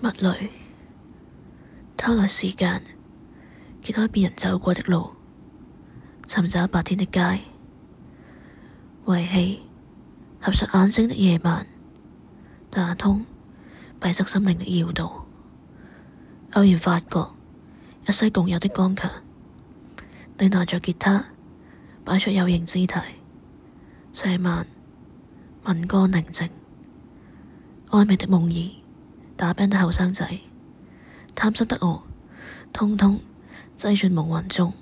勿慮偷來時間，揭開別人走過的路，尋找白天的街，遺棄合上眼睛的夜晚，打通閉塞心靈的要道。偶然發覺一些共有的剛強，你拿着吉他，擺出有型姿態，這晚民歌寧靜哀美的夢兒。打 band 的後生仔，貪心得我，通通擠進夢魂中。